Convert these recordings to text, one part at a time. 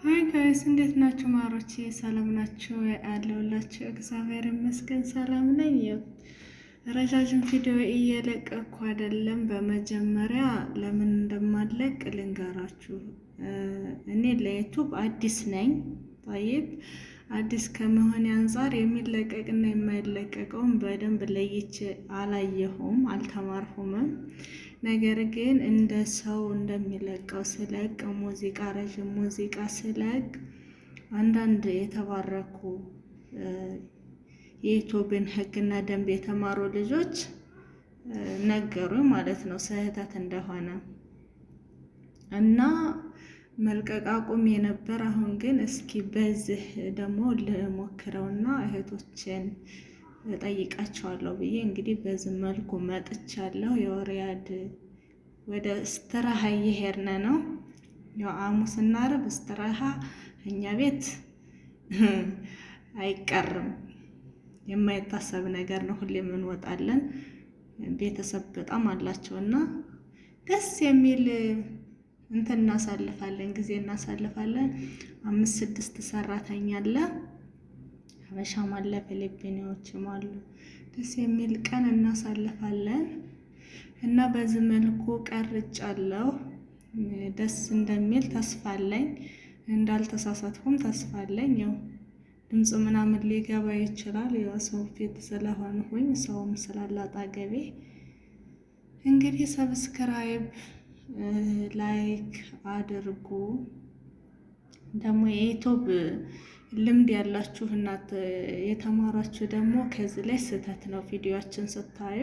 ሀይ ጋይስ እንዴት ናችሁ? ማሮች ሰላም ናችሁ? አለሁላችሁ። እግዚአብሔር ይመስገን ሰላም ነኝ። ረዣዥም ቪዲዮ እየለቀኩ አይደለም። በመጀመሪያ ለምን እንደማለቅ ልንገራችሁ። እኔ ለዩቱብ አዲስ ነኝ። ጠይብ አዲስ ከመሆን አንጻር የሚለቀቅና የማይለቀቀውን በደንብ ለይቼ አላየሁም፣ አልተማርሁምም። ነገር ግን እንደ ሰው እንደሚለቀው ስለቅ ሙዚቃ ረዥም ሙዚቃ ስለቅ አንዳንድ የተባረኩ የኢትዮጵያን ሕግና ደንብ የተማሩ ልጆች ነገሩ ማለት ነው ስህተት እንደሆነ እና መልቀቅ አቁሜ ነበር። አሁን ግን እስኪ በዚህ ደግሞ ልሞክረውና እህቶችን እጠይቃቸዋለሁ ብዬ እንግዲህ በዚህ መልኩ መጥቻለሁ። የወርያድ ወደ እስትራሃ እየሄድን ነው። ያው ሐሙስና ዓርብ እስትራሃ እኛ ቤት አይቀርም። የማይታሰብ ነገር ነው። ሁሌም እንወጣለን። ቤተሰብ በጣም አላቸውና ደስ የሚል እንትን እናሳልፋለን ጊዜ እናሳልፋለን። አምስት ስድስት ሰራተኛ አለ፣ ሀበሻም አለ፣ ፊሊፒኒዎችም አሉ። ደስ የሚል ቀን እናሳልፋለን እና በዚህ መልኩ ቀርጫለሁ። ደስ እንደሚል ተስፋ አለኝ። እንዳልተሳሳትኩም ተስፋ አለኝ። ያው ምናምን ሊገባ ይችላል። ያው ሰው ፊት ስለሆንኩኝ ሰውም ስላላጣገቤ እንግዲህ ሰብስክራይብ ላይክ አድርጉ። ደግሞ የዩቱብ ልምድ ያላችሁ እናት የተማራችሁ ደግሞ ከዚህ ላይ ስህተት ነው፣ ቪዲዮችን ስታዩ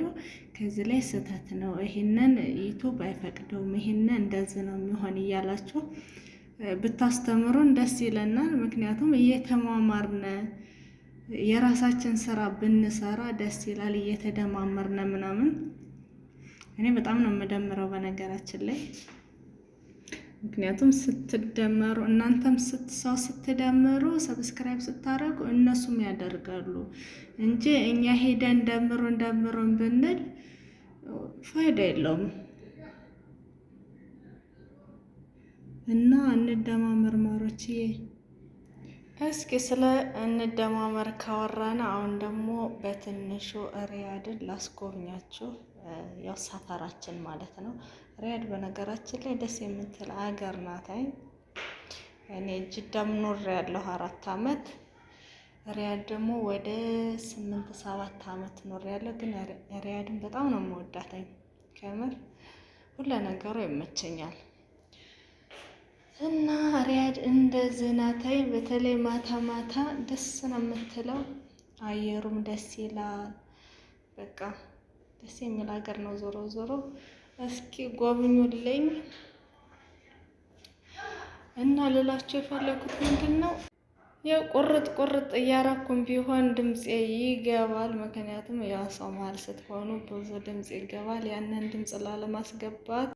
ከዚህ ላይ ስህተት ነው፣ ይሄንን ዩቱብ አይፈቅደውም፣ ይሄንን እንደዚህ ነው የሚሆን እያላችሁ ብታስተምሩን ደስ ይለናል። ምክንያቱም እየተማማርነ የራሳችን ስራ ብንሰራ ደስ ይላል፣ እየተደማመርነ ምናምን እኔ በጣም ነው የምደምረው በነገራችን ላይ ምክንያቱም ስትደመሩ እናንተም ሰው ስትደምሩ ሰብስክራይብ ስታደርጉ እነሱም ያደርጋሉ እንጂ እኛ ሄደን ደምሩን ደምሩን ብንል ፋይዳ የለውም እና እንደማመር እስኪ ስለ እንደማመር ካወራን አሁን ደግሞ በትንሹ ሪያድን ላስጎብኛችሁ፣ ያው ሰፈራችን ማለት ነው። ሪያድ በነገራችን ላይ ደስ የምትል አገር ናት። እኔ ጅዳም ኖር ያለሁ አራት አመት፣ ሪያድ ደግሞ ወደ ስምንት ሰባት አመት ኖር ያለሁ። ግን ሪያድን በጣም ነው የምወዳት ከምር ሁለ ነገሩ ይመቸኛል። እና ሪያድ እንደ ዝናታይ በተለይ ማታ ማታ ደስ ነው የምትለው። አየሩም ደስ ይላል። በቃ ደስ የሚል ሀገር ነው። ዞሮ ዞሮ እስኪ ጎብኙልኝ እና ልላቸው የፈለኩት ምንድን ነው ያው ቁርጥ ቁርጥ እያረኩም ቢሆን ድምፄ ይገባል። ምክንያቱም ያው ሰው መሀል ስትሆኑ ብዙ ድምፅ ይገባል። ያንን ድምፅ ላለማስገባት